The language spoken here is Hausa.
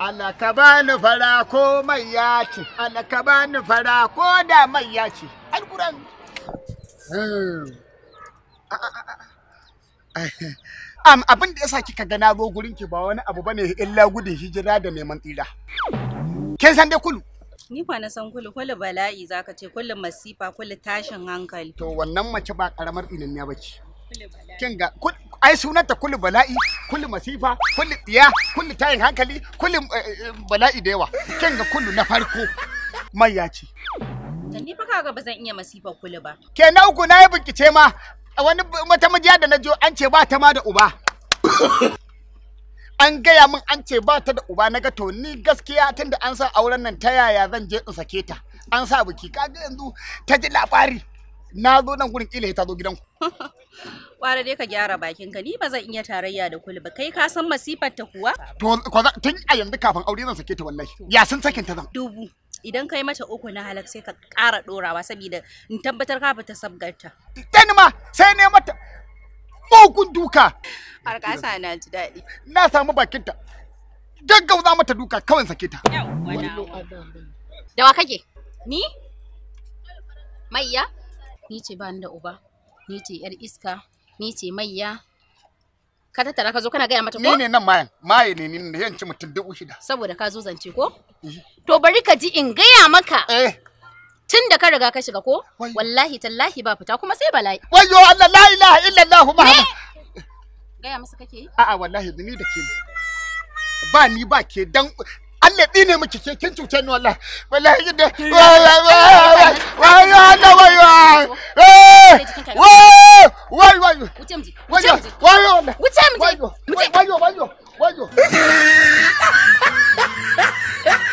Allah ka bani fara ko mai ya ce, Allah ka bani fara ko da mai ya ce, Alkuran. Ah. Am abin da ya sa kika ga na zo gurin ki ba wani abu bane illa gudun hijira da neman tsira. Kin san dai kulu? Ni fa na san kulu, kulu bala'i zaka ce, kulu masifa, kulu tashin hankali. To wannan mace ba karamar inan ya bace. Kin ga kul ai sunanta kullu bala'i kullu masifa kullu tsiya kullu tayin hankali kullu eh, eh, bala'i da yawa kin ga kullu na farko mai ya ce ni fa kaga ba zan iya masifa kullu ba ke na uku na yi bincike ma wani mata majiya da na jo an ce ba ta ma da uba an gaya min an ce ba ta da uba na ga to ni gaskiya tunda an sa auren nan ta yaya zan je in sake ta an sa biki kaga yanzu ta ji labari na zo nan gurin kila ta zo gidanku Kwara dai ka gyara bakin ka ni ba zan iya tarayya da kuli ba kai ka san masifar ta kuwa? To tun a yanzu kafin aure zan sake ta wallahi. Ya sun sakin ta zan. Dubu. idan kai mata uku na halak sai ka ƙara ɗorawa saboda in tabbatar ka fita sabgarta. Ɗani ma sai ne mata mugun duka. Arkasa na ji daɗi. Na samu bakinta. Gaggauza mata duka kawai sake ta. Dawa kake? Ni? Maiya? Ni ce ba da uba. Ni ce 'yar iska. ni ce ya ka tattara ka zo kana gaya mata ko ni ne nan mayan maye ne ni ne yan ci mutum dubu shida saboda ka zo zance ko to bari ka ji in gaya maka eh tun da ka riga ka shiga ko wallahi tallahi ba fita kuma sai bala'i wayo Allah la ilaha illallah muhammad gaya masa kake yi a'a wallahi ni da ke ba ni ba ke dan Allah ɗi ne miki ke kin cuce ni wallahi wallahi da wallahi uthembi uthembi uthembi uthembi